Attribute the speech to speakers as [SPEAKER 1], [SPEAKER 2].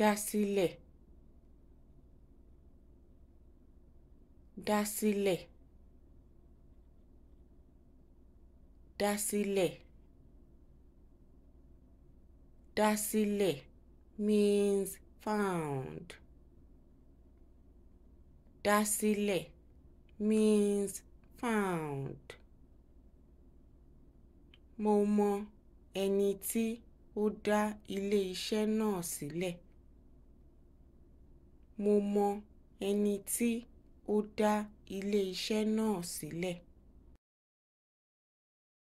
[SPEAKER 1] dá sílẹ̀ dá sílẹ̀ dá sílẹ̀ dá sílẹ̀ means found dá sílẹ̀ means found mo mọ ẹni tí ó dá ilé iṣẹ́ náà sílẹ̀ mo mọ ẹni tí ó dá ilé iṣẹ́ náà sílẹ̀